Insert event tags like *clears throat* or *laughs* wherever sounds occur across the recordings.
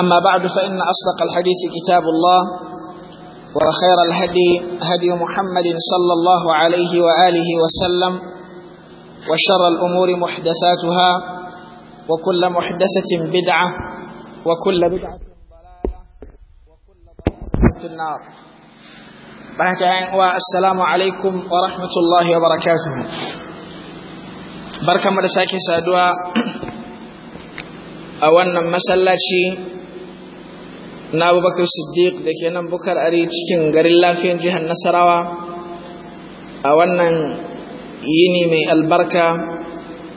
أما بعد فإن أصدق الحديث كتاب الله وخير الهدي هدي محمد صلى الله عليه وآله وسلم وشر الأمور محدثاتها وكل محدثة بدعة وكل بدعة ضلالة وكل ضلالة في النار والسلام عليكم ورحمة الله وبركاته بركة مرساكي سادوا أولا مسلاتي na abubakar siddiq da ke nan bukar ari cikin garin lafiyan jihar nasarawa a wannan yini mai albarka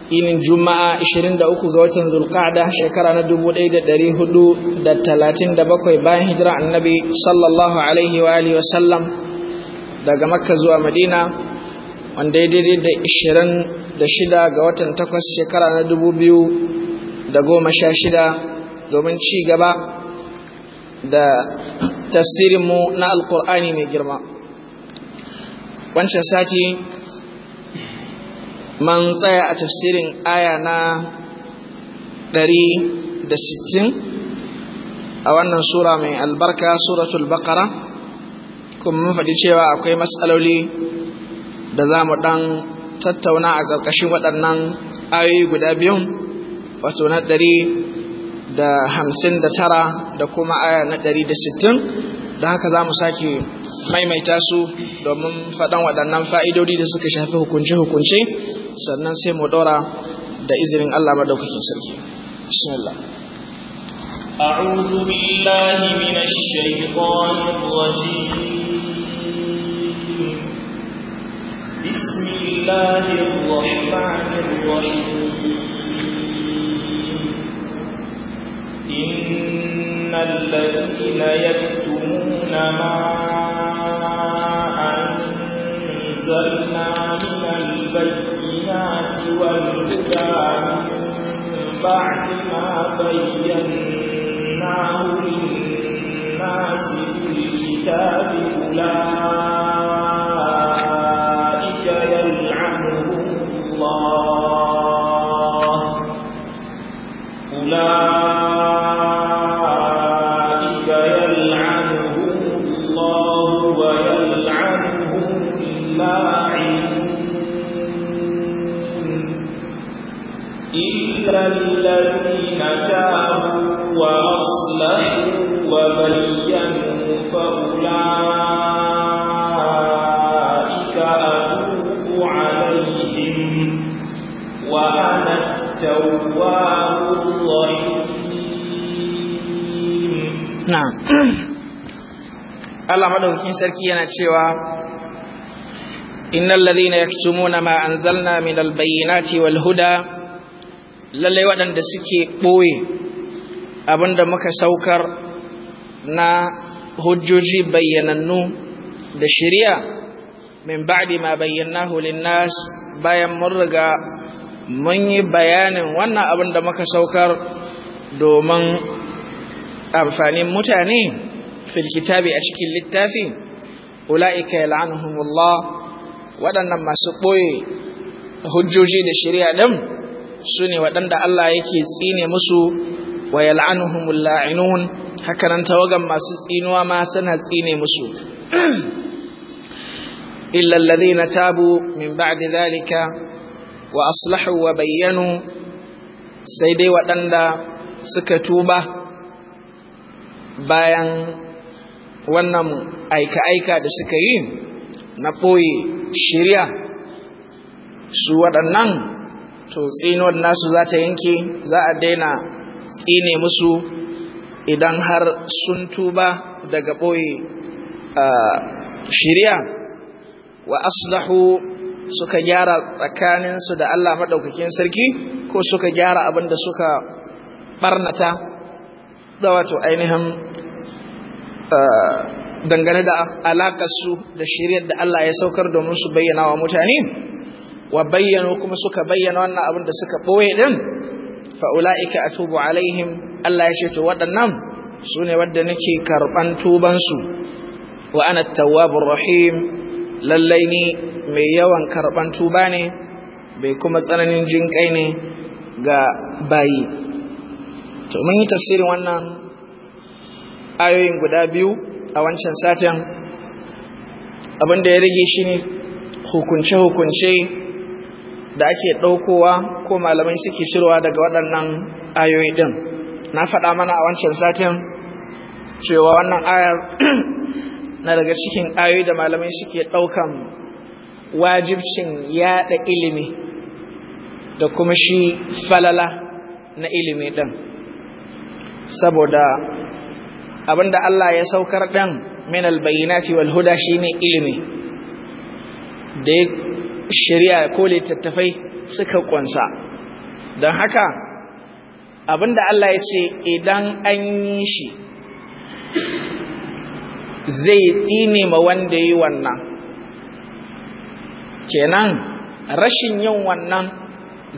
yinin juma'a 23 ga watan zulqa'da shekara na 1437 bayan hijira annabi sallallahu alaihi wa alihi wa sallam daga makka zuwa madina wanda ya daidai da 26 ga watan 8 shekara na 2016 domin ci gaba da tafsirinmu na alkur'ani mai girma wancan sati man tsaya a tafsirin aya na 160 a wannan sura mai albarka suratul baqara kuma mun faɗi cewa akwai matsaloli da za mu ɗan tattauna a ƙarƙashin waɗannan ayoyi guda biyun wato na ɗari da hamsin da tara da kuma aya na ɗari da sittin da haka za mu sake maimaita su domin faɗan waɗannan fa'idodi da suka shafi hukunce-hukunce sannan sai mu ɗora da izinin Allah madaukakin sarki. Bismillah. أعوذ بالله من الشيطان الرجيم بسم الله الرحمن الرحيم إن الذين يكتمون ما أنزلنا من البينات والهدى من بعد ما بيناه للناس في الكتاب أولئك *clears throat* Allah madaukakin sarki yana cewa innal ladhina yaktumuna ma anzalna minal bayyinati wal huda lalle waɗanda suke boye abinda muka saukar na hujjoji bayyanannu da shari'a min ba'di ma bayyanahu lin-nas bayan mun riga mun yi bayanin wannan abin da muka saukar domin amfanin mutane fil kitabi a cikin littafi ula'ika yal'anuhumullah waɗannan masu ɓoye hujjoji da shari'a din su ne waɗanda Allah yake tsine musu wa yal'anuhumul Haka hakanan tawagan masu tsinuwa ma suna tsine musu *clears throat* illa na tabu min ba'di dhalika wa aslahu wa bayyanu sai dai waɗanda suka tuba bayan wannan aika-aika da suka yi na ɓoye shirya su waɗannan to tsinuwar nasu za ta yanke za a daina tsine musu idan har sun tuba daga ɓoye shirya wa aslahu suka gyara tsakaninsu da Allah maɗaukakin sarki ko suka gyara abin da suka ɓarnata da wato ainihin eh, dangane da su da shiryar da Allah ya saukar domin su bayyana wa mutane wa bayyano kuma suka bayyana wannan abin da suka ɓoye ɗin fa'ula'ika a tubu alaihim Allah ya ce to waɗannan su ne wadda nake karɓan tubansu wa ana tawwabur rahim lallai ni mai yawan karɓan tuba ne bai kuma tsananin jinƙai ne ga bayi to mun yi tafsirin wannan ayoyin guda biyu a wancan satin abinda ya rage shi ne hukunce-hukunce da ake ɗaukowa ko malamai suke cirowa daga waɗannan ayoyi ɗin na faɗa mana a wancan satin cewa wannan ayar *clears throat* na daga cikin ayoyi da malamai suke ɗaukan wajibcin yaɗa ilimi da kuma shi falala na ilimi ɗin saboda abinda Allah ya saukar ɗan min albayyinati wal huda shine ilimi da shari'a ko littattafai suka kunsa don haka abinda Allah ya ce idan an yi shi zai tsine ma wanda yi wannan kenan rashin yin wannan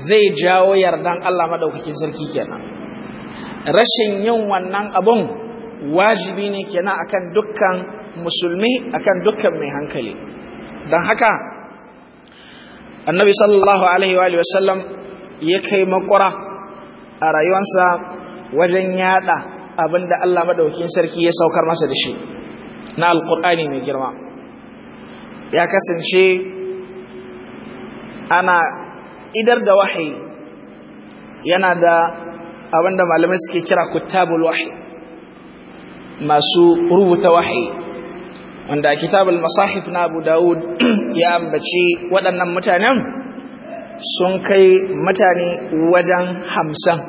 zai jawo yardan Allah madaukakin sarki kenan rashin yin wannan abun wajibi ne kenan akan dukkan musulmi akan dukkan mai hankali don haka annabi sallallahu alaihi wa sallam ya kai makura a rayuwarsa wajen yada abin da Allah madaukin sarki ya saukar masa da shi na alkur'ani mai girma ya kasance ana idar da wahayi yana da abinda malamai suke kira kutabul wahyi masu rubuta wahyi wanda kitabul masahif na Abu Dawud *clears throat* ya ambaci waɗannan mutanen sun kai mutane wajen hamsin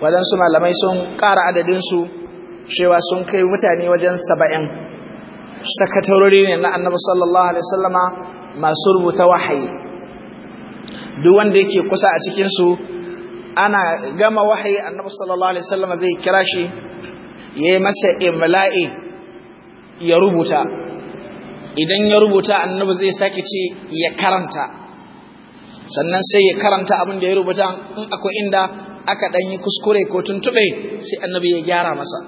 waɗansu malamai sun ƙara adadinsu cewa sun kai mutane wajen saba'in sakatarori ne na annabi sallallahu alaihi wasallama masu rubuta wahayi duk wanda yake kusa a cikinsu ana gama wahayi annabi sallallahu alaihi wasallam zai kira shi yayi masa imla'i ya rubuta idan ya rubuta annabi zai sake ce ya karanta sannan sai ya karanta abin da ya rubuta in akwai inda aka dan yi kuskure ko tuntube sai annabi ya gyara masa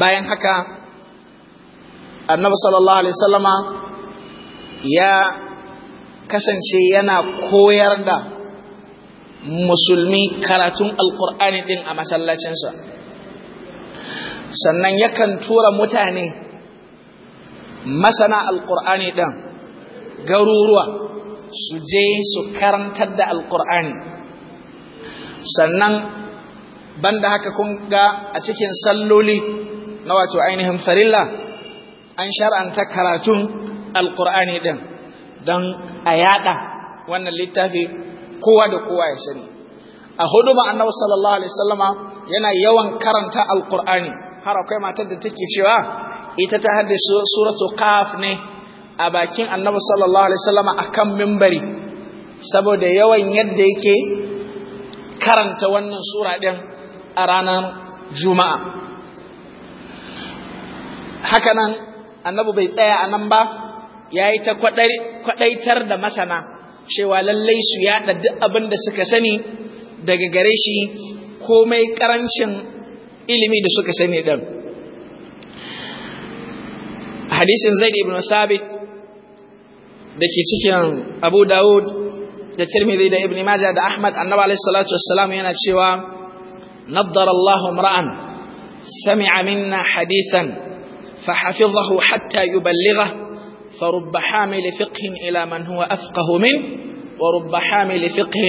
bayan haka annabi sallallahu alaihi wasallama ya kasance yana koyar da musulmi karatun alkur'ani din a masallacinsa sannan yakan tura mutane masana alkur'ani din garuruwa su je su karantar da alkur'ani sannan banda haka kun ga a cikin salloli na wato ainihin farilla an shar'anta karatun alkur'ani din don a yada wannan littafi kowa da kowa ya sani a huduma annabi sallallahu alaihi wasallama yana yawan karanta alqur'ani har akwai matar da take cewa ita ta haddace suratul qaf ne a bakin annabi sallallahu alaihi wasallama akan minbari saboda yawan yadda yake karanta wannan sura din a ranar juma'a Haka nan annabi bai tsaya a nan ba ya yi ta kwadaitar da masana cewa lallai su yaɗa duk abin da suka sani daga gare shi komai ƙarancin ilimi da suka sani da. hadisin zaid ibn sabit da ke cikin abu dawud da tirmidhi da ibn majah da ahmad annabi alaihi salatu wassalam yana cewa naddara allah imra'an sami'a minna hadisan fa hafizahu hatta yuballigha فرب حامل فقه إلى من هو أفقه منه ورب حامل فقه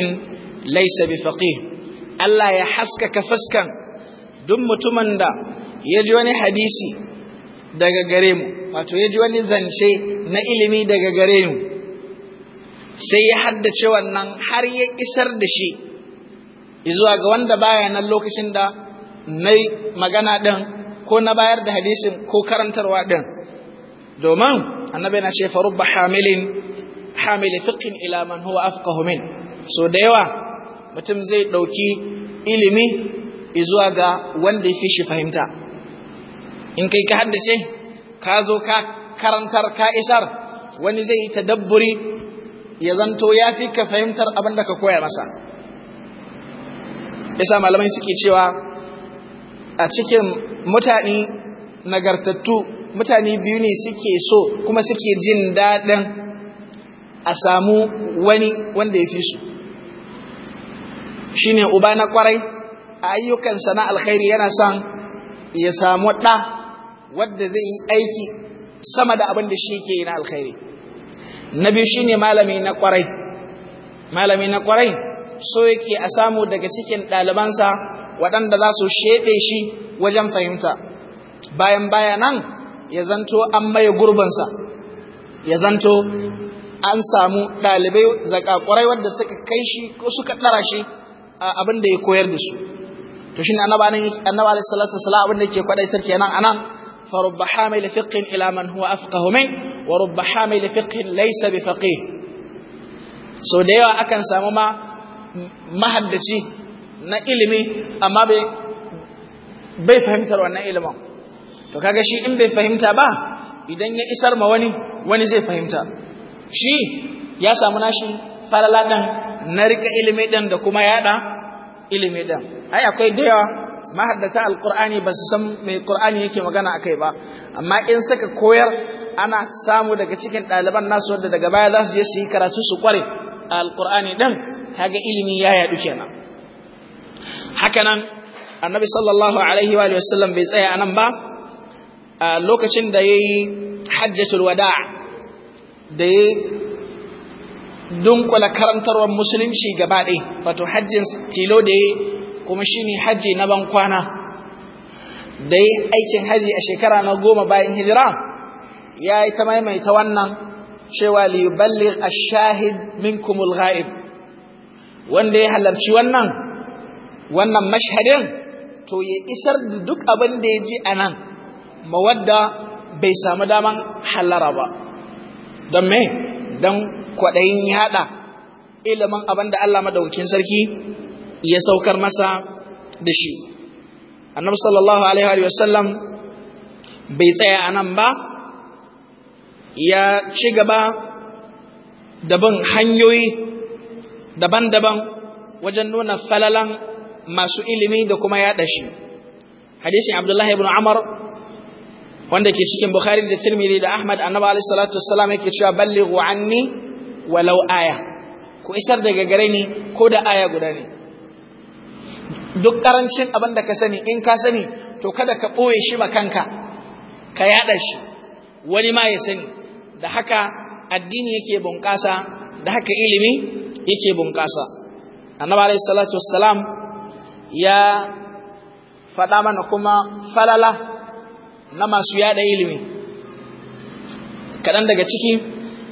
ليس Allah ya haskaka fuskan duk mutumin da ya ji hadisi daga gare mu wato ya ji wani zance na ilimi daga gare mu sai ya haddace wannan har ya isar da shi zuwa ga wanda baya nan lokacin da na magana ɗin ko na bayar da hadisin ko karantarwa ɗin domin annabi na ce farubba hamilin hamili fiqhin ila man huwa afqahu min so da yawa mutum zai ɗauki ilimi izuwa ga wanda yafi shi fahimta in kai ka haddace ka zo ka karantar ka isar wani zai yi tadabburi ya zanto ya fi ka fahimtar abin da ka koya masa isa malamai suke cewa a cikin mutane nagartattu mutane biyu ne suke so kuma suke jin daɗin a samu wani wanda ya fi su shi ne uba na kwarai a ayyukansa na alkhairi yana son ya samu ɗa wadda zai yi aiki sama da abin da shi ke yi na alkhairi na biyu shi ne malami na kwarai malami na kwarai so yake a samu daga cikin ɗalibansa waɗanda za su sheɗe shi wajen fahimta bayan baya nan ya zanto an maye gurbansa ya zanto an samu ɗalibai zakakurai wadda suka kai shi ko suka ɗara shi abin da ya koyar da su to shi ne annaba alaihi salatu wasalam abin da yake kwadaitar kenan anan fa rubba hamil fiqhin ila man huwa afqahu min wa rubba hamil fiqhin laysa bi faqih so da yawa akan samu ma mahaddaci na ilimi amma bai bai fahimtar wannan ilimin to kaga shi in bai fahimta ba idan ya isar ma wani wani zai fahimta shi ya samu nashi falala dan na rika ilimi dan da kuma yada ilimi dan ai akwai da yawa mahaddata alqur'ani ba su san me qur'ani yake magana akai ba amma in saka koyar ana samu daga cikin ɗaliban nasu wanda daga baya za su je su yi karatu su kware a alqur'ani dan kaga ilimi ya yadu kenan hakanan annabi sallallahu alaihi wa sallam bai tsaya anan ba a lokacin da ya yi hajjatul wada' da yayi dunkula karantarwar musulunci gaba ɗaya wato hajjin tilo da ya kuma ne hajji na ban kwana da yayi aikin haji a shekara na goma bayan hijira yayi ta maimaita wannan cewa li yuballigh shahid minkum al wanda ya halarci wannan wannan mashhadin to ya isar da duk abin da ya ji a nan mawadda bai samu daman hallara ba don me don kwaɗayin yaɗa ilimin abinda da Allah madaukin sarki ya saukar masa da shi annabi sallallahu alaihi wa sallam bai tsaya a nan ba ya ci gaba da bin hanyoyi daban-daban wajen nuna falalan masu ilimi da kuma yaɗa shi hadisin abdullahi ibn umar wanda ke cikin bukhari da tirmidhi da ahmad annabi alayhi salatu wassalam yake cewa ballighu anni walau aya ku isar daga gare ni ko da aya guda ne duk karancin abin da ka sani in ka sani to kada ka ɓoye shi ma kanka ka yaɗa shi wani ma ya sani da haka addini yake bunƙasa da haka ilimi yake bunƙasa annabi alayhi salatu wassalam ya faɗa mana kuma falala na masu yada ilimi kaɗan daga ciki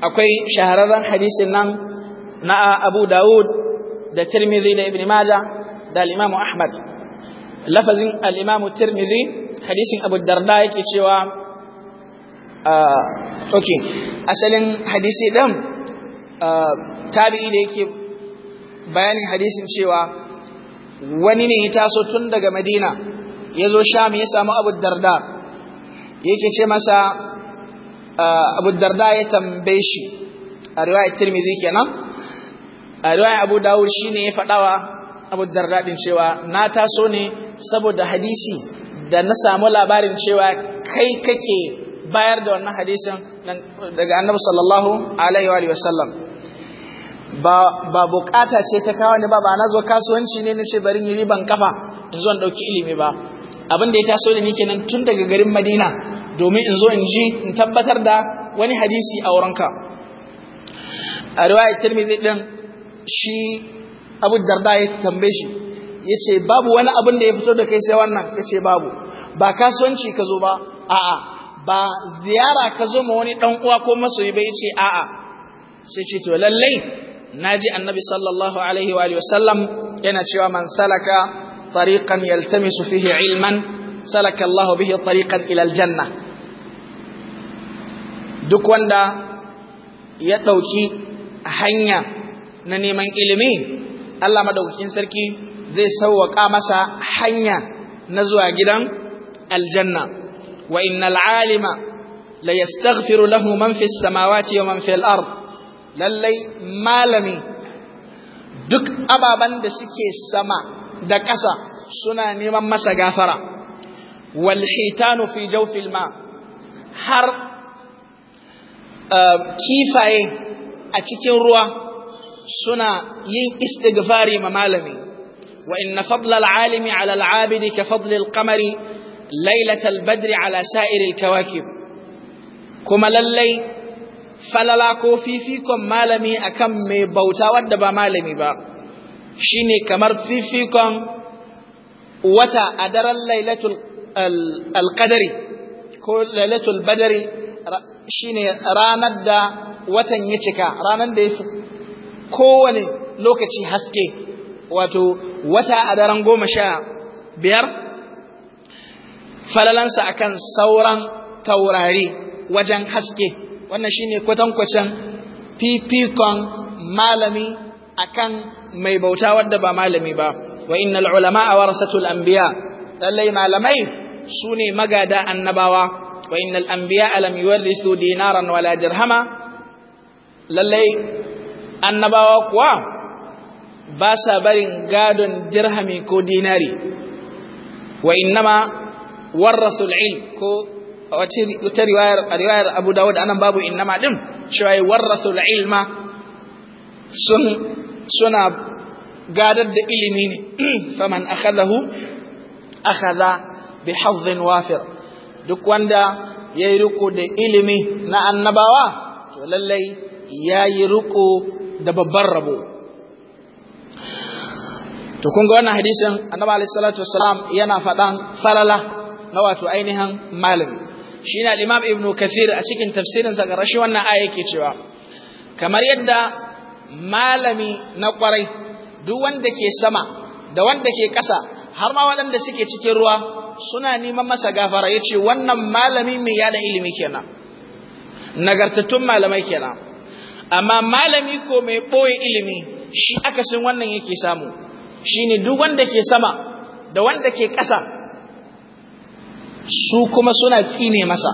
akwai shahararren hadisin nan na abu dawud da tirmidhi da ibn maja da al-imam ahmad lafazin al-imam tirmidhi hadisin abu darda yake cewa ah, ok asalin hadisi ɗin ah, tabi'i da yake bayanin hadisin cewa wani ne ya taso tun daga madina ya zo sham ya samu abu darda yake ce masa ah, abu darda ya tambaye shi a riwayar tirmidhi kenan a riwayar abu dawud shine ya faɗawa abu darda din cewa na taso ne saboda hadisi da na samu labarin cewa kai kake bayar da wannan hadisin daga annabi sallallahu alaihi wa sallam ba bukata ce ta kawo ne ba ba na zo kasuwanci ne na ce bari yi riban kafa in zo ɗauki ilimi ba abin da ya taso da ni kenan tun daga garin Madina domin in zo in ji in tabbatar da wani hadisi a wurinka a riwaya Tirmidhi din shi Abu Darda ya tambaye shi yace babu wani abin da ya fito da kai sai wannan yace babu ba kasuwanci ka zo ba a'a ba ziyara ka zo ma wani dan uwa ko masoyi ba yace a'a sai ce to lallai naji annabi sallallahu alaihi wa sallam yana cewa man salaka طريقا يلتمس فيه علما سلك الله به طريقا إلى الجنة duk wanda ya ɗauki hanya na neman ilimi Allah maɗaukakin sarki zai sauwaƙa masa hanya na zuwa gidan aljanna wa innal alima la yastaghfiru lahu man fis samawati wa man fil ard lallai malami duk ababan da suke sama da ƙasa suna neman masa gafara wal fi jawfil ma har eh, kifaye a cikin ruwa suna yin istighfari ma malami wa inna fadla al'alimi ala al'abidi ka fadli al-qamari lailatal badri ala sa'iril kawakib kuma lallai falala ko fifikon malami akan mai bauta wadda ba malami ba ne kamar fifikon wata a daren lailatul Alƙadari ko lailatul badari ne ranar da watan ya cika ranar da ya fi kowane lokaci haske wato wata a daren goma sha biyar falalansa akan sauran taurari wajen haske wannan shine kwatankwacin fifikon malami akan mai bauta wadda ba malami ba wa innal ulama warasatul anbiya lallai malamai sune magada annabawa wa innal anbiya yuwarrisu dinaran wala dirhama lallai annabawa kuwa ba sa barin gadon dirhami ko dinari wa innama warasul ilm ko wata riwayar Abu Dawud anan babu innama din cewa warasul ilma sun suna gadar da ilimi ne *clears throat* faman akhadahu akhadha bi hadhin wafir duk wanda yayi riko da ilimi na annabawa to lallai yayi riko da babbar rabo to kun ga wannan hadisin annabi alaihi salatu wassalam yana faɗan falala na wato ainihin malami Shi al-imam ibnu kathir a cikin tafsirinsa ga rashi wannan aya yake cewa kamar yadda malami na kwarai duk wanda ke sama da wanda ke ƙasa har ma waɗanda suke cikin ruwa suna neman masa gafara ya ce wannan malami mai yada ilimi kenan nagartattun malamai kenan amma malami ko mai ɓoye ilimi shi akasin wannan yake samu shine duk wanda ke sama da wanda ke ƙasa su kuma suna tsine masa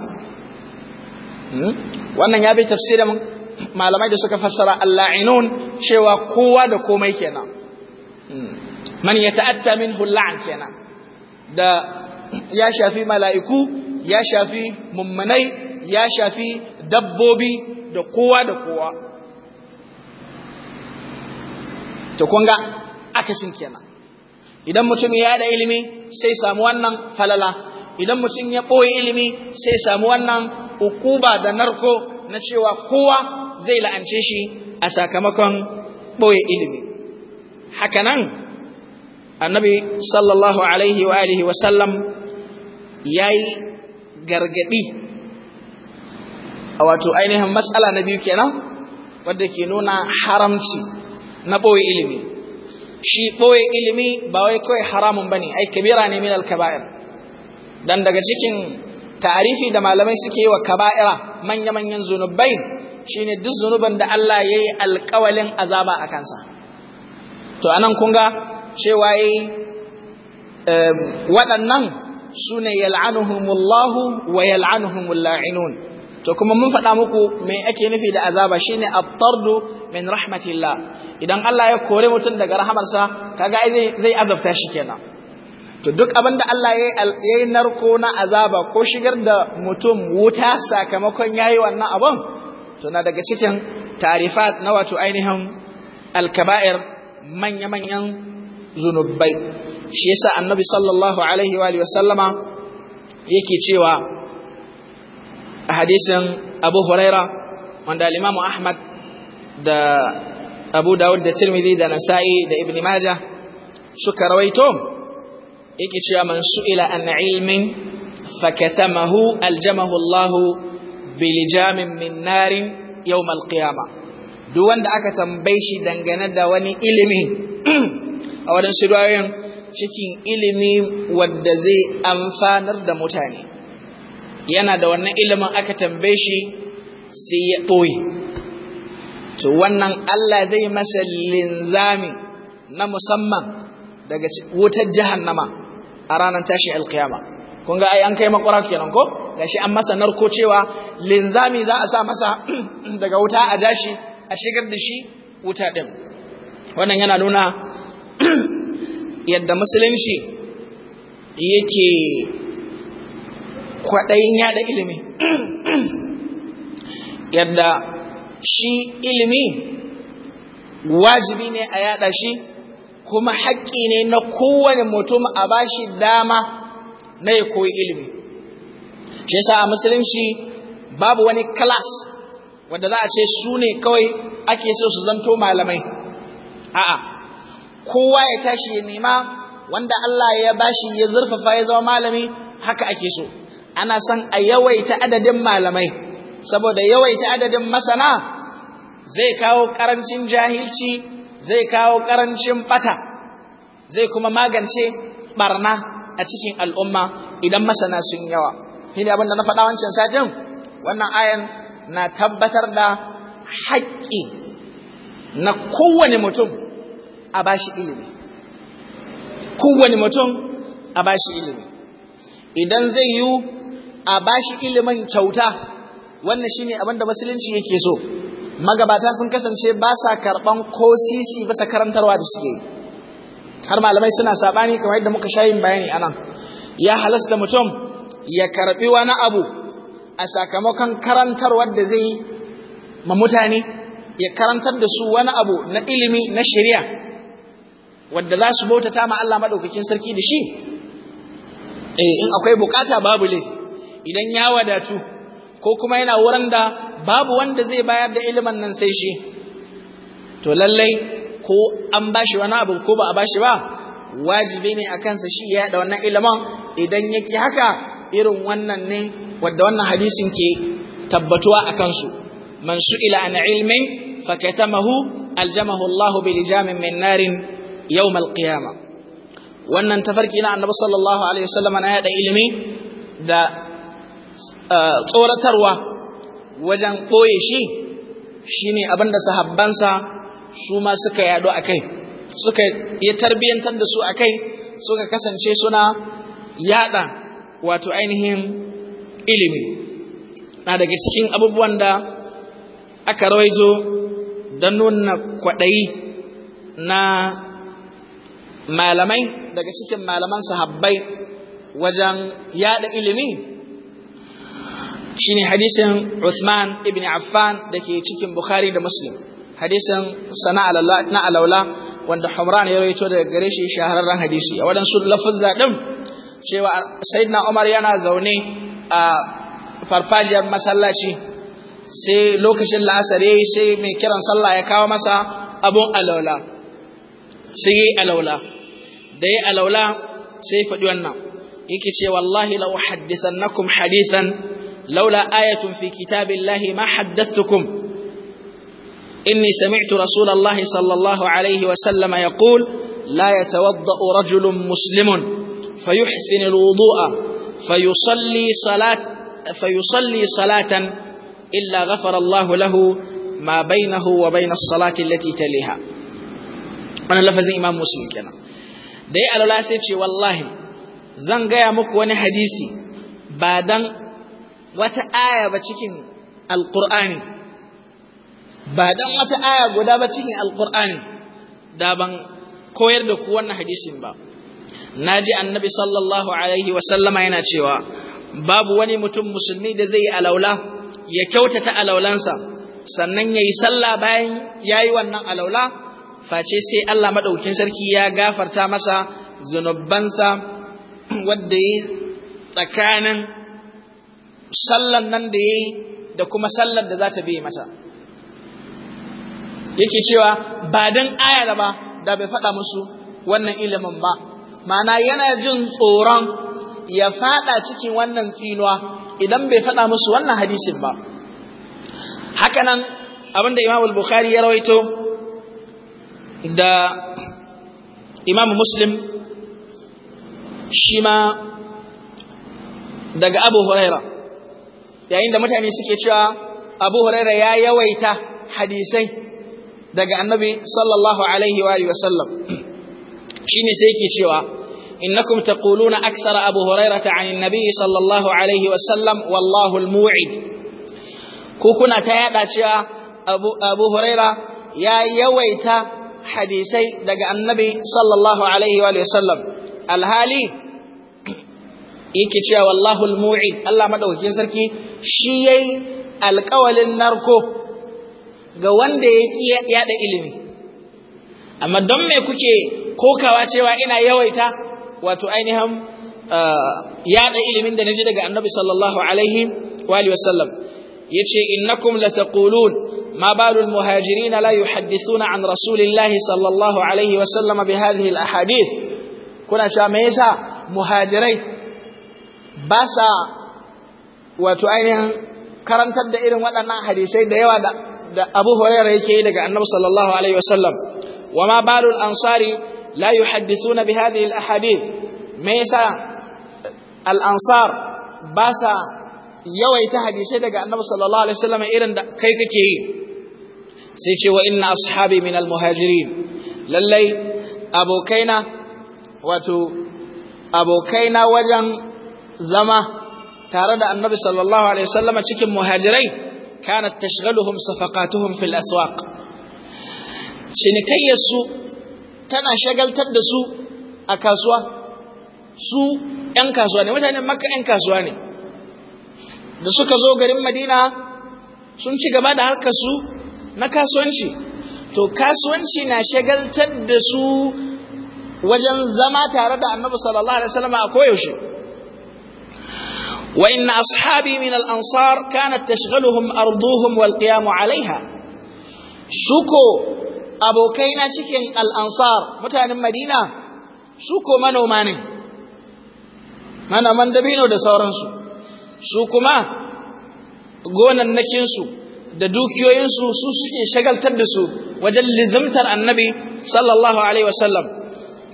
hmm? wannan ya bi tafsirin malamai da suka fassara alla'inun cewa kowa da komai kenan man ya ta'atta minhu la'an kenan da ya shafi mala'iku ya shafi mummanai ya shafi dabbobi da kowa da kowa to kun ga akasin kenan idan mutum ya da ilimi sai samu wannan falala idan mutum ya ɓoye ilimi sai samu wannan ukuba da narko na cewa kowa zai la'ance shi a sakamakon ɓoye ilimi hakanan annabi sallallahu alaihi wa alihi wasallam ya yi gargaɗi a wato ainihin matsala na biyu kenan wadda ke nuna haramci na ɓoye ilimi shi ɓoye ilimi ba wai kawai haramun ba ne ai kabira ne min alkaba'ir dan daga cikin tarihi da malamai suke yi wa kaba'ira manya-manyan zunubai shine duk zunuban da Allah ya yi alƙawalin azaba a kansa to anan kun ga cewa yi eh, waɗannan su ne yal'anuhumullahu wa yal'anuhumul la'inun to kuma mun faɗa muku me ake nufi da azaba shine abtardu min rahmatillah idan Allah ya kore mutum daga rahamarsa kaga zai azabta shi kenan to duk abin da Allah ya yi narko na azaba ko shigar da mutum wuta sakamakon ya yi wannan abin to daga cikin tarifat na wato ainihin alkaba'ir manya-manyan zunubai shi yasa annabi sallallahu alaihi wa sallama yake cewa a hadisin abu huraira wanda al ahmad da abu dawud da tirmidhi da nasa'i da ibn majah suka rawaito yake cewa man su'ila an ilmin fakatamahu aljamahu Allahu bilijamin min narin yawmal qiyama duk wanda aka tambaye shi dangane da wani ilimi *clears throat* a wadan shirwayoyin cikin ilimi wadda zai amfanar da mutane yana da wannan ilimin aka tambaye shi sai ya ɓoye to wannan Allah zai masa linzami na musamman daga wutar nama a ranar tashin alkiyama kun ga ai an kai makwarar kenan ko gashi an masa narko cewa linzami za a sa masa *clears throat* daga wuta a dashi a shigar da shi wuta din wannan yana nuna *clears throat* yadda musulunci yake kwaɗayin yada ilimi *clears throat* yadda shi ilimi wajibi ne a yada shi kuma haƙƙi ne na kowane mutum a bashi dama na ya koyi ilimi shi yasa a musulunci babu wani class wanda za a ce su ne kawai ake so su zanto malamai a'a kowa ya tashi ya nema wanda Allah ya bashi ya zurfafa ya zama malami haka ake so ana son a yawaita adadin malamai saboda yawaita adadin masana zai kawo karancin jahilci zai kawo karancin bata zai kuma magance barna a cikin al'umma idan masana sun yawa shi ne abin na faɗa wancan satin wannan ayan na tabbatar da haƙƙi na kowane mutum a ba shi ilimi kowane mutum a ba shi ilimi idan zai yiwu a ba shi ilimin kyauta wannan shine abin da musulunci yake so magabata sun kasance ba sa karɓan ko sisi bisa karantarwa da suke yi har malamai suna sabani kamar yadda muka sha yin bayani anan ya halasta mutum ya karbi wani abu a sakamakon karantar wanda zai ma mutane ya karantar da su wani abu na ilimi na shari'a wanda za su bautata ma Allah maɗaukakin sarki da shi eh, in akwai bukata babu le, idan ya wadatu ko kuma yana wurin da babu wanda zai bayar da ilimin nan sai shi to lallai ko an bashi wani abu ko ba a bashi ba wajibi ne a kansa shi ya yada wannan ilimin idan yake haka irin wannan ne wadda wannan hadisin ke tabbatuwa a kansu man su'ila an ilmin fakatamahu aljamahu Allah bi lijamin min narin yawm alqiyama wannan tafarki na annabi sallallahu alaihi wasallam na yada ilimi da uh, tsoratarwa wajen koye shi shine abinda sahabbansa su ma suka yaɗu a kai suka yi tarbiyyantar da su a kai suka kasance suna yaɗa wato ainihin ilimi na daga cikin abubuwan da aka rawaizo don nuna kwaɗayi na malamai daga cikin malaman sahabbai wajen yaɗa ilimi shine hadisin Uthman ibn Affan da ke cikin Bukhari da Muslim. hadisin sana na alaula wanda Humran ya rawaito daga gare shi shahararren hadisi a waɗansu lafazza din cewa sayyidina Umar yana zaune a farfajiyar masallaci sai lokacin la'asar yayi sai mai kiran sallah ya kawo masa abun alaula sai yi alaula da yi alaula sai faɗi wannan yake ce wallahi la uhaddithannakum hadisan laula ayatun fi kitabillahi ma haddathtukum إني سمعت رسول الله صلى الله عليه وسلم يقول لا يتوضأ رجل مسلم فيحسن الوضوء فيصلي صلاة فيصلي صلاة إلا غفر الله له ما بينه وبين الصلاة التي تليها أنا لفظ إمام مسلم كان دي ألو لا سيتشي والله زنغيا مكواني حديثي بعدن وتآية بشكل القرآن ba dan wata aya guda ba cikin alqur'ani da ban koyar da ku wannan hadisin ba naji annabi sallallahu alaihi wa sallama yana cewa babu wani mutum musulmi da zai yi alaula ya kyautata alaulansa sannan ya yi sallah bayan ya yi wannan alaula face sai Allah maɗaukin sarki ya gafarta masa zunubansa *clears throat* wadda yi tsakanin sallan nan da ya yi da kuma sallar da za ta bi masa yake cewa ba dan ayar ba da bai faɗa musu wannan ilimin ba ma'ana yana jin tsoron ya faɗa cikin wannan tsinuwa idan bai faɗa musu wannan hadisin ba Haka hakanan abinda imam al-bukhari ya rawaito da imam muslim shi ma daga abu huraira yayin da mutane suke cewa abu huraira ya yawaita hadisai daga annabi sallallahu alaihi wa sallam shine sai yake cewa innakum taquluna akthara abu hurairata an annabi sallallahu alaihi wa sallam wallahu almu'id ku kuna ta yada cewa abu abu huraira ya yawaita hadisai daga annabi sallallahu alaihi wa sallam alhali yake cewa wallahu almu'id Allah madaukakin sarki shi yayi alƙawalin narko ga wanda ya ƙi yaɗa ilimi amma don me kuke kokawa cewa ina yawaita wato ainihin eh, yaɗa ilimin da na ji daga annabi sallallahu alaihi wa sallam ya ce innakum la taqulun ma balul muhajirina la yuhaddithuna an rasulillahi sallallahu alaihi wa sallam bi hadhihi al ahadith kuna cewa me yasa muhajirai ba sa wato ainihin karantar da irin waɗannan hadisai da yawa da da Abu Hurairah yake yi daga Annabi sallallahu alaihi wasallam wa ma balul ansari la yuhaddithuna bi hadhihi al ahadith me yasa al ansar ba sa yawaita hadisai daga Annabi sallallahu alaihi wasallam irin da kai kake yi sai ce wa inna ashabi min al muhajirin lallai abokaina wato abokaina wajen zama tare da Annabi sallallahu alaihi wasallam cikin muhajirai kanat tashghaluhum safaqatuhum fil aswaq cinikayyarsu tana shagaltar da su a kasuwa su ‘yan kasuwa ne mutanen makka ‘yan kasuwa ne da suka zo garin madina sun ci gaba da harkarsu na kasuwanci to kasuwanci na shagaltar da su wajen zama tare da annabi sallallahu alaihi wasallam a koyaushe وإن أصحابي من الأنصار كانت تشغلهم أرضهم والقيام عليها سوكو أبو كينا شكين الأنصار متان مدينة سوكو منو ماني mana man dabino da sauransu su kuma gonannakinsu da dukiyoyinsu su suke shagaltar da su wajen lizimtar annabi sallallahu alaihi wasallam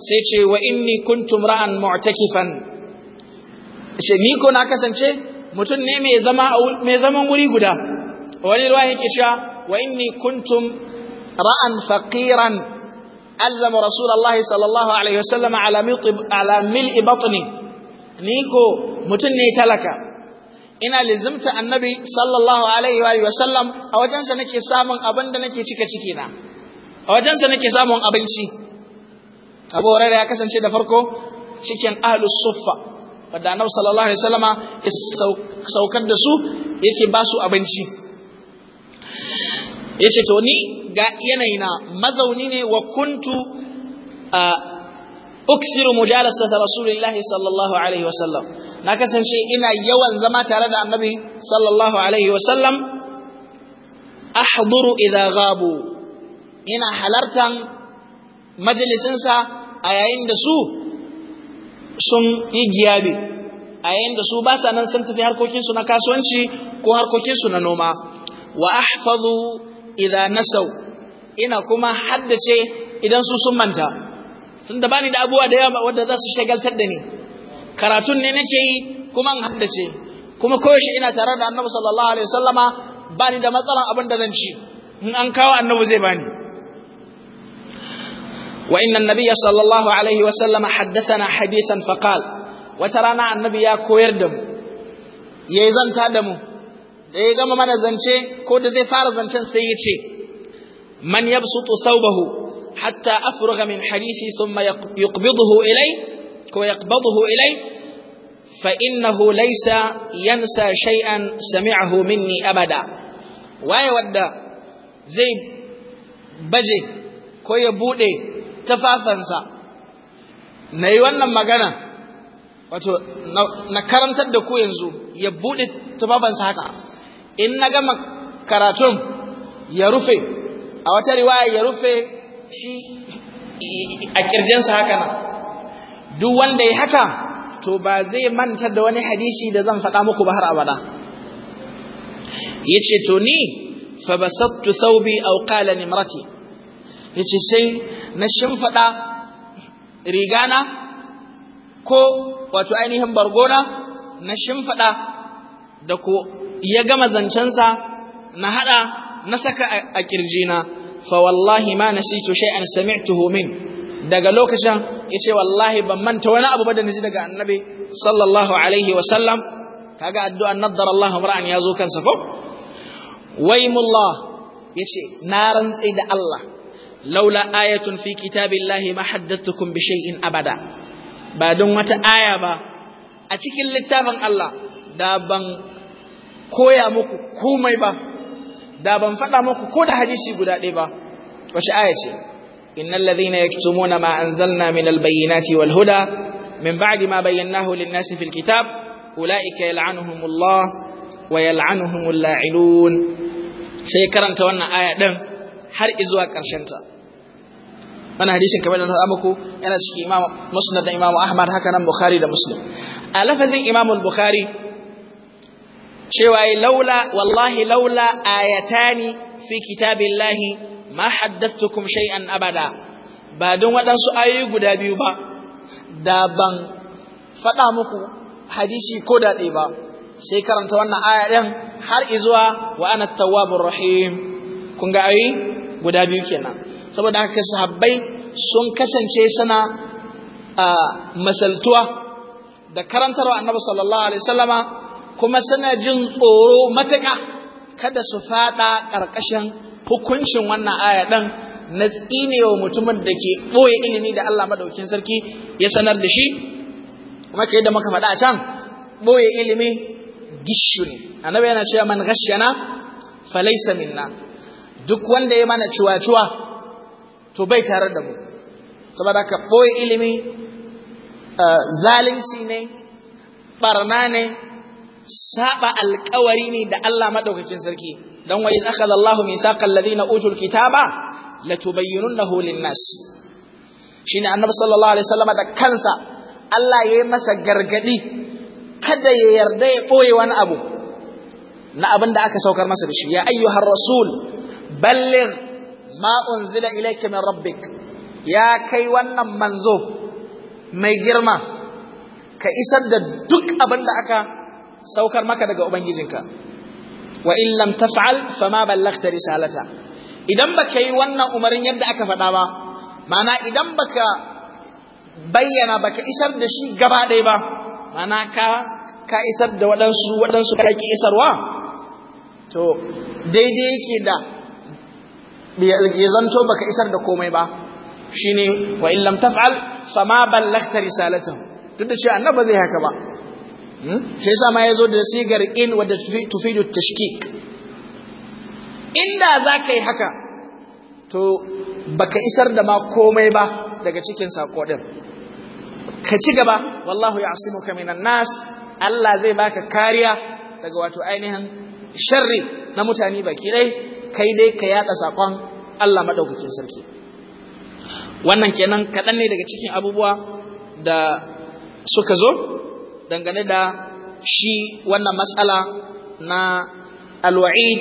sai ce wa inni kuntum ra'an mu'takifan ni ko na kasance mutum ne mai zama mai zaman wuri guda wani ruwa yake cewa wa inni kuntum ra'an faqiran alzama rasulullahi sallallahu alaihi wasallam ala mil'i ala mil'i batni ni ko mutum ne talaka ina lizimta annabi sallallahu alaihi wa sallam a wajensa nake samun abin da nake cika ciki na a wajensa nake samun abinci abu hurairah ya kasance da farko cikin ahlus suffa wadda annabi sallallahu alaihi wasallama saukar da su yake ba su abinci yace to ni ga yanayi na mazauni ne wa kuntu uksiru mujalasata rasulillahi sallallahu alaihi wasallam na kasance ina yawan zama tare da annabi sallallahu alaihi wasallam ahduru idza ghabu ina halartan majalisinsa a yayin da su sun yi giyabe, a yayin da su ba sa nan sun tafi harkokinsu na kasuwanci ko harkokinsu na noma wa ahfazu idza nasau ina kuma haddace idan su sun manta tun da bani da abubuwa da yawa wanda za su shagaltar da ni karatun ne nake yi kuma in haddace kuma koyaushe ina tare da annabi sallallahu alaihi wasallama bani da matsalan abin da zan ci in an kawo annabi zai bani وإن النبي صلى الله عليه وسلم حدثنا حديثا فقال وترانا النبي يا كويردم يزن تادمو da ya gama mana zance ko da zai fara zancen sai ya ce man yabsutu thawbahu hatta afrugha min hadisi thumma yuqbiduhu ilay ko yaqbiduhu ilay fa innahu laysa yansa shay'an sami'ahu minni abada waye wadda zai baje ko ya bude tafafansa na yi wannan magana wato na karantar da ku yanzu ya buɗe tafafansa haka in na gama karatun ya rufe a wata riwaya ya rufe shi a ƙirjinsa haka nan duk wanda ya haka to ba zai manta da wani hadisi da zan faɗa muku ba har abada yace to ni fa basattu thawbi aw qala nimrati yace sai na shimfaɗa rigana ko wato ainihin bargona na shimfiɗa da ko ya gama zancensa na haɗa na saka a ƙirjina fa wallahi ma nasitu shay'an sami'tuhu min daga lokacin yace wallahi ban manta wani abu ba da naji daga annabi sallallahu alaihi wa sallam kaga addu'an naddara Allah ya zo kansa ko waymullah yace na rantsi da Allah laula ayatun fi kitabillahi ma haddathukum bi shay'in abada ba don wata aya ba a cikin littafin Allah da ban koya muku komai ba da ban faɗa muku ko da hadisi guda ɗaya ba wace aya ce innal ladhina yaktumuna ma anzalna min albayyinati wal huda min ba'di ma bayyanahu lin-nasi fil kitab ulaika yal'anuhumullah wa yal'anuhumul la'inun sai karanta wannan aya ɗin. har izuwa ta. wannan hadisin kamar da na faɗa muku yana cikin imam musnad da imam ahmad haka nan bukhari da muslim a lafazin imam bukhari cewa laula wallahi laula ayatani fi kitabillahi ma haddathtukum shay'an abada ba don waɗansu ayoyi guda biyu ba da ban faɗa muku hadisi ko daɗe ba sai karanta wannan aya har izuwa wa ana tawwabur rahim kun ga ayi guda biyu kenan saboda haka sahabbai sun kasance suna masaltuwa da karantarwa annabi sallallahu alaihi wasallama kuma suna jin tsoro matuƙa kada su fada ƙarƙashin hukuncin wannan aya ɗin na tsinewa mutumin da ke ɓoye ilimi da Allah madaukin sarki ya sanar da shi kuma kai da muka faɗa a can ɓoye ilimi gishiri. annabi yana cewa man gashyana falaysa minna duk wanda ya mana ciwa-ciwa to bai tare da mu saboda ka ɓoye ilimi eh, zalunci ne ɓarnane, ne saba alkawari ne da Allah maɗaukakin sarki dan wa in akhadha Allahu mithaqal ladina utul kitaba na lin nasu. shine annabi sallallahu alaihi wasallam da kansa Allah ya yi masa gargadi kada ya yarda ya boye wani abu na abin da aka saukar masa da shi ya ayyuhar rasul balligh ma unzila ilayka min rabbik ya kai wannan manzo mai girma ka isar da duk abin da aka saukar maka daga ubangijinka wa in lam taf'al fama ballaghta risalata idan baka yi wannan umarin yadda aka faɗa ba ma'ana idan baka bayyana baka isar da shi gaba ɗaya ba ma'ana ka ka isar da waɗansu waɗansu kake isarwa to daidai yake da ya zanto baka isar da komai ba shine wa illam taf'al taf'al fama ballaghta risalatahu duk da shi annabi zai haka ba hmm? sai yasa ma yazo da sigar in wadda tufidu tashkik inda zaka yi haka to baka isar da ma komai ba daga cikin sako din ka ci gaba wallahu ya'simuka minan nas Allah zai baka kariya daga wato ainihin sharri na mutane baki dai kai dai ka yada sakon Allah madaukakin sarki wannan kenan kaɗan ne daga cikin abubuwa da suka zo dangane da shi wannan matsala na alwa'id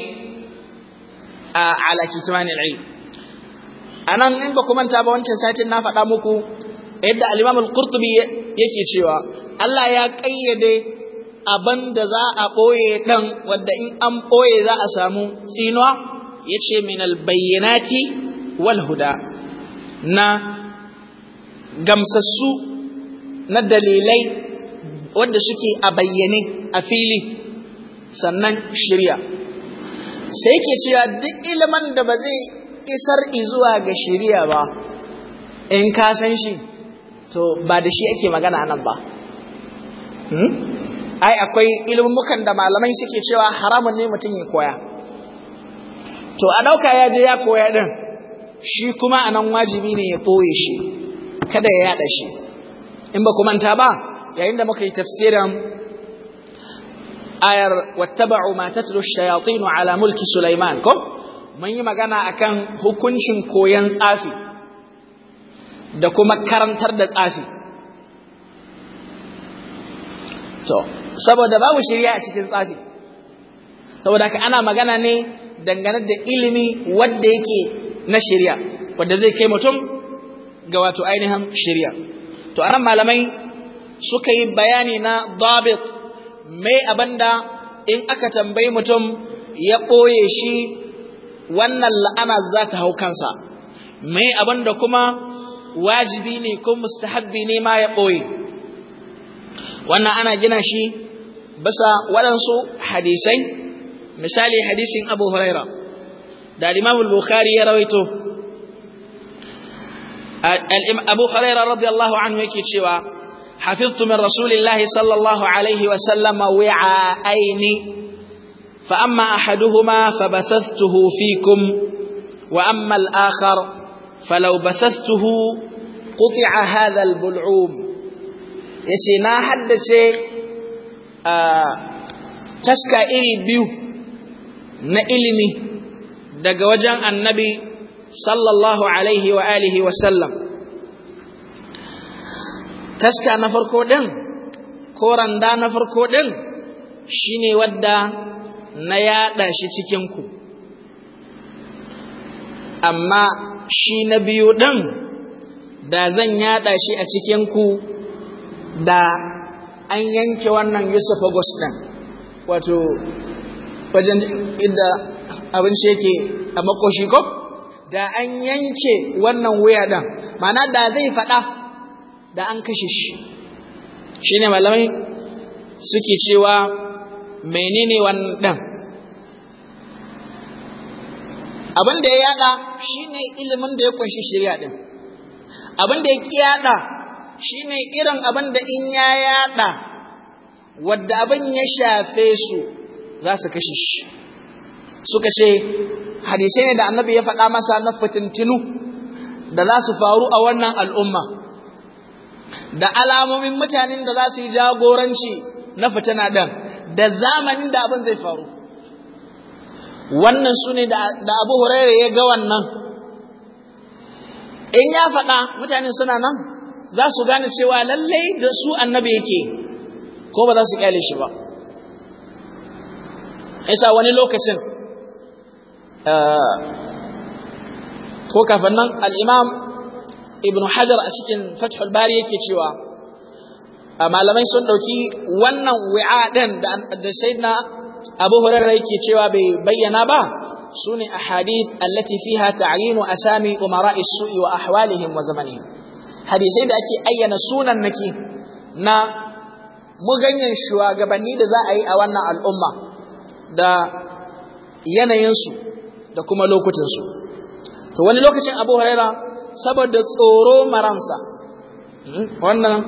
a ala kitman A anan in ba kuma manta ba wancan satin na faɗa muku yadda al-Imam qurtubi yake cewa Allah ya ƙayyade abin da za a ɓoye ɗan wadda in an ɓoye za a samu tsinuwa Yace ce minal bayyanati wal huda na gamsassu na dalilai wanda suke a bayyane a fili sannan shirya sai yake cewa duk ilimin da ba zai isar izuwa ga shirya ba in ka san shi to ba da shi ake magana nan ba hmm? ai akwai ilimin da malamai suke cewa haramun ne mutum ya koya to a ɗauka ya je ya koya ɗin shi kuma a nan wajibi ne ya ɓoye shi kada ya yaɗa shi in ba manta ba yayin da muka yi tafsirin ayar wattaba'u ma tatlu shayatin ala mulki sulaiman ko mun yi magana akan hukuncin koyan tsafi da kuma karantar da tsafi to saboda babu shirya a cikin tsafi saboda ka ana magana ne dangane da ilimi wadda yake na shirya wadda zai kai mutum ga wato ainihin shirya to nan malamai suka yi bayani na dabit mai abanda in aka tambayi mutum ya ɓoye shi wannan la'ana za ta hau kansa mai abanda kuma wajibi ne ko mustahabbi ne ma ya ɓoye wannan ana gina shi bisa waɗansu hadisai misali hadisin abu huraira da imam al-bukhari ya rawaito abu huraira radiyallahu anhu yake cewa hafiztu min rasulillahi sallallahu alaihi wa sallama wi'aini fa amma ahaduhuma fabasathtuhu fikum wa amma al-akhar falau basathtuhu quti'a hadha al-bul'um yace na haddace taska iri biyu na ilimi daga wajen annabi sallallahu alaihi wa alihi wasallam taska na farko ɗin ko randa na farko ɗin shine wadda na yaɗa shi cikinku amma shi na biyu ɗin da zan yaɗa shi a cikinku da an yanke wannan yusufa ɗin wato wajen inda shi yake a makoshi ko da an yanke wannan wuya ɗan mana da zai faɗa da an kashe shi shi ne malamai suke cewa menene wannan abin da ya yada shi ne ilimin da ya kunshi shirya ɗin abin da ya ƙi yaɗa shi ne irin abin da in ya yada wadda abin ya shafe su za su kashe shi suka ce hadisai ne da annabi ya faɗa masa na fitintinu da za su faru a wannan al'umma da alamomin mutanen da za su yi jagoranci na fitina ɗan da zamanin da abin zai faru wannan su ne da abu hurairu ya ga wannan in ya faɗa mutane suna nan za su gane cewa lallai da su annabi yake ko ba za su kyale shi ba isa wani lokacin eh, ko kafin nan al'imam ibn hajar a cikin fathul bari yake cewa malamai sun ɗauki wannan ɗin da shaidna abu hurarra yake cewa bai bayyana ba su ne a hadith allati fiha ta'yinu a umara'i su'i wa ahwalihim wa zamanihim hadisai da ake ayyana sunan naki na muganyan shugabanni da za a yi a wannan al'umma da yanayinsu da kuma lokutinsu to wani lokacin abu huraira saboda tsoro maransa hmm, wannan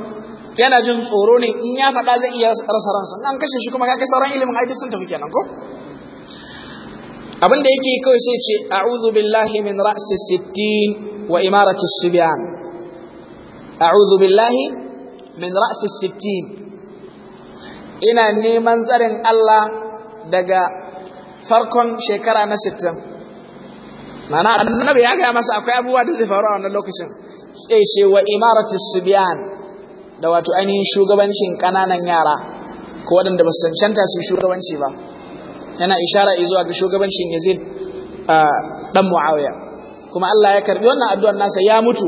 yana jin tsoro ne in ya faɗa zai iya rasa ransa an kashe shi kuma ka kai sauran ilimin aiki sun tafi kenan ko abin da yake kawai sai ce a'udhu billahi min ra'si sittin wa imarati sibyan a'udhu billahi min ra'si sittin ina neman tsarin Allah daga farkon shekara na sittin mana annabi ya gaya masa akwai abubuwa da zai faru a wannan lokacin sai ce wa imaratu subyan da wato ainihin shugabancin kananan yara ko waɗanda ba su cancanta su shugabanci ba yana ishara zuwa ga shugabancin Yazid dan Muawiya kuma Allah ya karbi wannan addu'ar nasa ya mutu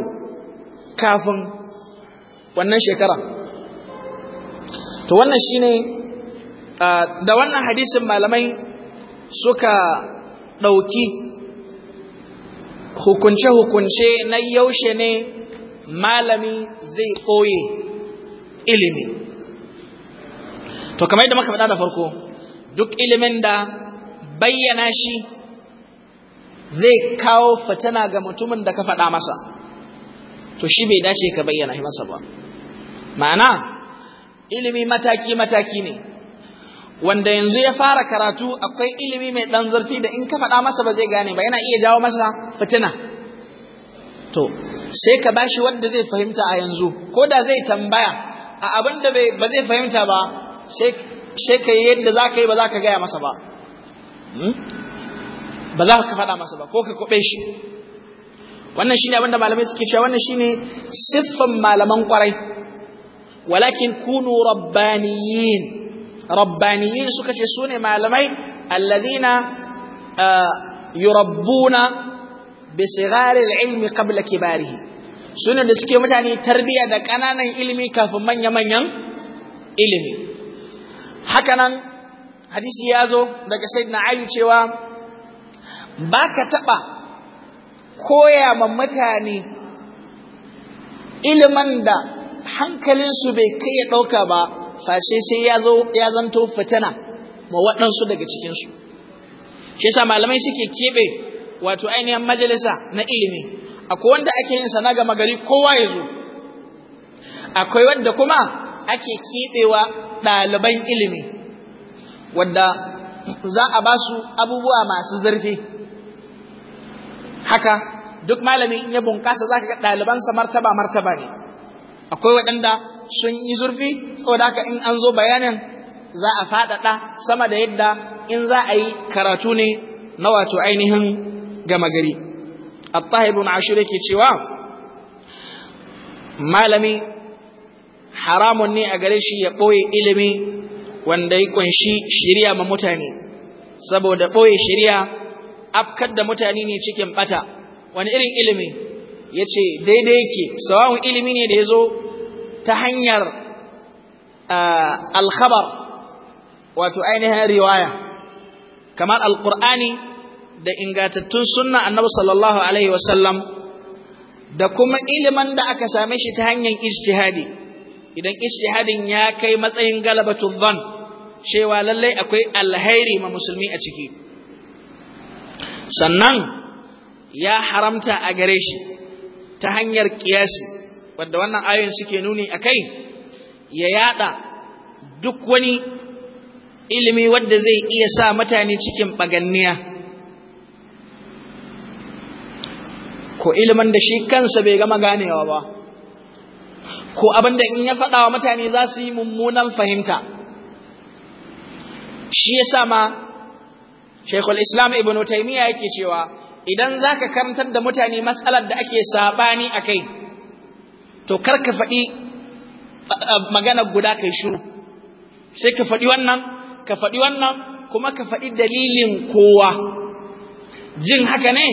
kafin wannan shekara to wannan shine Ah, da wannan hadisin malamai suka ɗauki hukunce-hukunce na yaushe ne malami zai ɓoye ilimi to kamar yadda muka faɗa da farko duk ilimin da bayyana shi zai kawo fatana ga mutumin da ka faɗa masa to shi bai dace ka bayyana masa ba ma'ana ilimi mataki-mataki ne wanda yanzu ya fara karatu akwai ilimi mai ɗan zurfi da in ka faɗa masa ba zai gane ba yana iya jawo masa fitina to sai ka bashi wanda zai fahimta a yanzu ko da zai tambaya a abin da ba zai fahimta ba sai ka yi yadda za ka yi ba za ka gaya masa ba hmm? ba za ka faɗa masa ba ko ka kuɓe shi wannan shine abin da malamai suke cewa wannan shine siffan malaman kwarai walakin kunu rabbaniyin rabbaniyin suka ce su ne malamai alladina yurabbuna bi sighari ilmi qabla kibarihi su da suke mutane tarbiyya da ƙananan ilimi kafin manya-manyan ilimi hakanan hadisi ya zo daga sayyidina ali cewa ba ka taɓa koya ma mutane iliman da hankalinsu bai kai ya ɗauka ba face sai ya zo ya zanto fitina ma waɗansu daga cikinsu shi yasa malamai suke keɓe wato ainihin majalisa na ilimi akwai wanda ake yin sana gama gari kowa ya zo akwai wanda kuma ake keɓewa ɗaliban ilimi wadda za a ba su abubuwa masu zarfi haka duk malami in ya bunƙasa za ka ga ɗalibansa martaba martaba ne akwai waɗanda sun yi zurfi saboda haka in an zo bayanin za a faɗaɗa sama da yadda in za a yi karatu ne na wato ainihin gama gari attahir ibn yake cewa malami haramun ne a gare shi ya ɓoye ilimi wanda ya kunshi shirya ma mutane saboda ɓoye shirya afkar da mutane ne cikin ɓata wani irin ilimi ya ce daidai yake sawawun ilimi ne da ya zo ta hanyar eh, alkhabar wato ainihin riwaya kamar alkur'ani da ingantattun sunna annabi sallallahu alaihi wasallam da kuma ilimin da aka same shi ta hanyar ijtihadi idan ijtihadin ya kai matsayin galabatul dhann cewa lallai akwai alheri ma musulmi a ciki sannan ya haramta a gare shi ta hanyar kiyasi wanda wannan ayoyin suke nuni a kai ya yada duk wani ilimi wanda zai iya sa mutane cikin baganniya ko ilimin da shi kansa bai gama ganewa ba ko abin da in ya faɗa wa mutane za su yi mummunan fahimta shi ya sa ma shekul islam ibn taimiyya yake cewa idan za ka karantar da mutane matsalar da ake saɓani a kai to kar ka faɗi magana guda kai shiru sai ka faɗi wannan ka faɗi wannan kuma ka faɗi dalilin kowa jin haka ne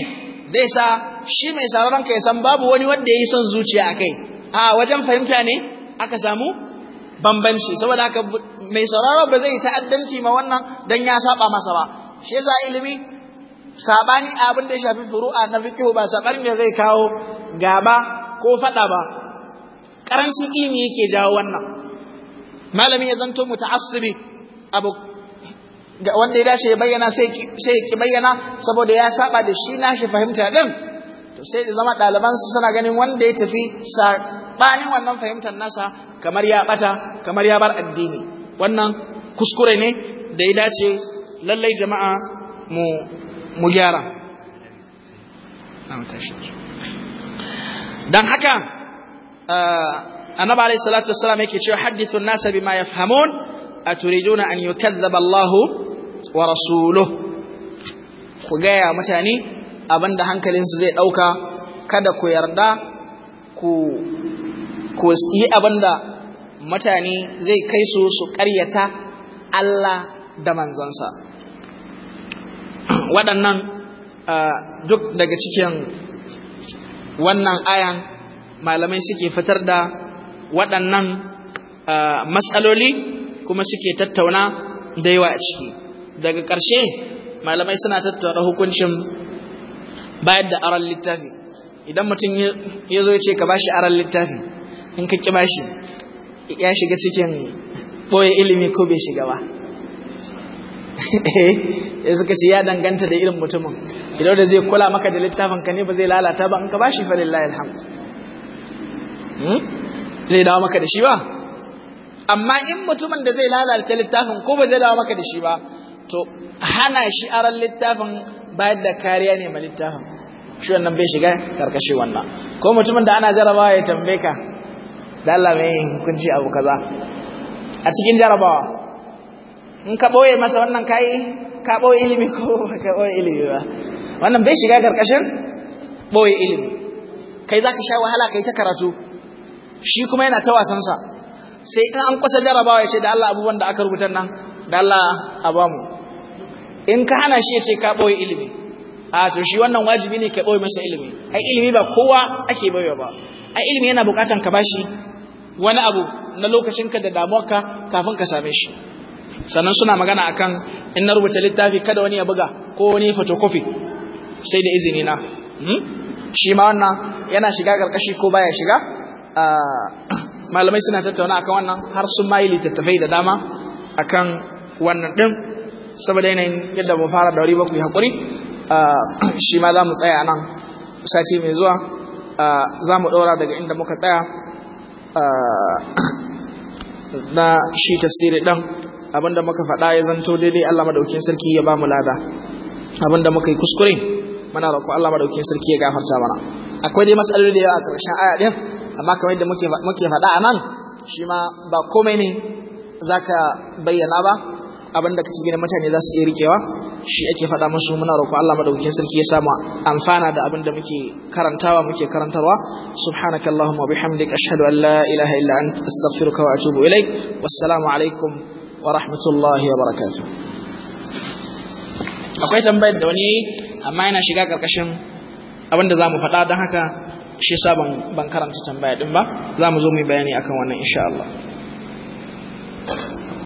zai sa shi mai sauraron ka san babu wani wanda ya yi son zuciya a kai a wajen fahimta ne aka samu bambanci saboda aka, mai sauraron ba zai ta'addanci ma wannan dan ya saba masa ba shi yasa ilimi sabani abin da ya shafi furu'a na fiqh ba sabarin da zai kawo gaba ko fada ba karancin ilimi yake jawo wannan malami ya zanto mu muta'assibi abu wanda ya dace ya bayyana sai ya ki bayyana saboda ya saba da shi na shi fahimta din to sai da zama ɗaliban su suna ganin wanda ya tafi sabanin wannan fahimtar nasa kamar ya bata kamar ya bar addini wannan kuskure ne da ya dace lallai jama'a mu mu gyara dan haka annabi alayhi salatu wassalam yake cewa hadithu an a bima yafhamun aturiduna an yukadzaba Allah wa rasuluhu ku gaya mutane abinda hankalinsu zai dauka kada ku yarda ku ku yi abinda mutane zai kai su su karyata Allah da manzansa waɗannan duk daga cikin wannan ayan malamai suke fitar da waɗannan matsaloli kuma suke tattauna da yawa a ciki daga ƙarshe malamai suna tattauna hukuncin bayar da aron littafi idan mutum ya zo ce ka bashi aron littafi in ka ƙi bashi ya shiga cikin ɓoye ilimi ko bai shiga ba ya *laughs* eh, suka ce ya danganta da irin mutumin idan da zai kula maka da littafin ka ne ba zai lalata ba in ka bashi fa lillahi alhamdu Hmm? zai dawo maka da shi ba amma in mutumin da zai lalata littafin ko ba zai dawo maka da shi ba to hana shi aran littafin bayar da kariya ne ma littafin shi wannan bai shiga karkashin wannan ko mutumin da ana jarabawa ya tambaye ka da Allah mai hukunci abu kaza a cikin jarabawa in ka boye masa wannan kai ka boye ilimi ko ka boye ilimi ba wannan bai shiga karkashin boye ilimi kai zaka sha wahala kai ta karatu shi kuma yana ta wasan sa sai in an kusa jarabawa ya ce da Allah abubuwan da aka rubuta nan da Allah a bamu in ka hana shi ya ce ka ɓoye ilimi a to shi wannan wajibi ne ka ɓoye masa ilimi ai ilimi ba kowa ake baiwa ba ai ilimi yana bukatan ka bashi wani abu na lokacin ka da damuwarka kafin ka same shi sannan suna magana akan in na rubuta littafi kada wani ya buga ko wani photocopy sai da izini na hmm? shi ma wannan yana shiga karkashi ko baya shiga malamai suna tattauna akan wannan har sun mayi tattafai da dama akan wannan din saboda yanayin yadda mu fara da ba ku yi hakuri shi ma za mu tsaya nan sati mai zuwa za mu ɗora daga inda muka tsaya na shi tafsiri ɗan abinda muka faɗa ya zanto daidai Allah madaukin sarki ya ba mu lada abinda muka yi kuskure muna roƙo Allah madaukin sarki ya gafarta mana akwai dai matsaloli da yawa a ƙarshen aya ɗin amma kamar yadda muke faɗa a nan shi ma ba komai ne za ka bayyana ba abinda kake gina mutane za su iya rikewa shi ake faɗa musu muna roƙo Allah madaukakin sarki ya samu amfana da abinda muke karantawa muke karantarwa subhanaka allahumma bihamdika ashhadu an la ilaha illa anta astaghfiruka wa atubu ilaik wassalamu alaikum wa rahmatullahi wa barakatuh akwai tambayar da wani amma yana shiga karkashin abinda zamu faɗa don haka shi yasa ban karanta tambaya din ba za mu zo mu bayani akan wannan insha Allah